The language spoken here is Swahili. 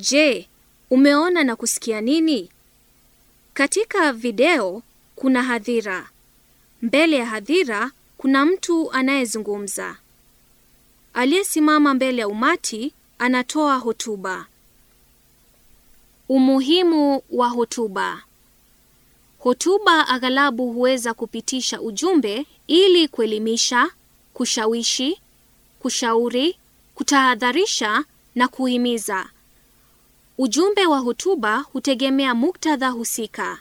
Je, umeona na kusikia nini? Katika video kuna hadhira. Mbele ya hadhira kuna mtu anayezungumza. Aliyesimama mbele ya umati anatoa hotuba. Umuhimu wa hotuba. Hotuba aghalabu huweza kupitisha ujumbe ili kuelimisha, kushawishi, kushauri, kutahadharisha na kuhimiza. Ujumbe wa hotuba hutegemea muktadha husika.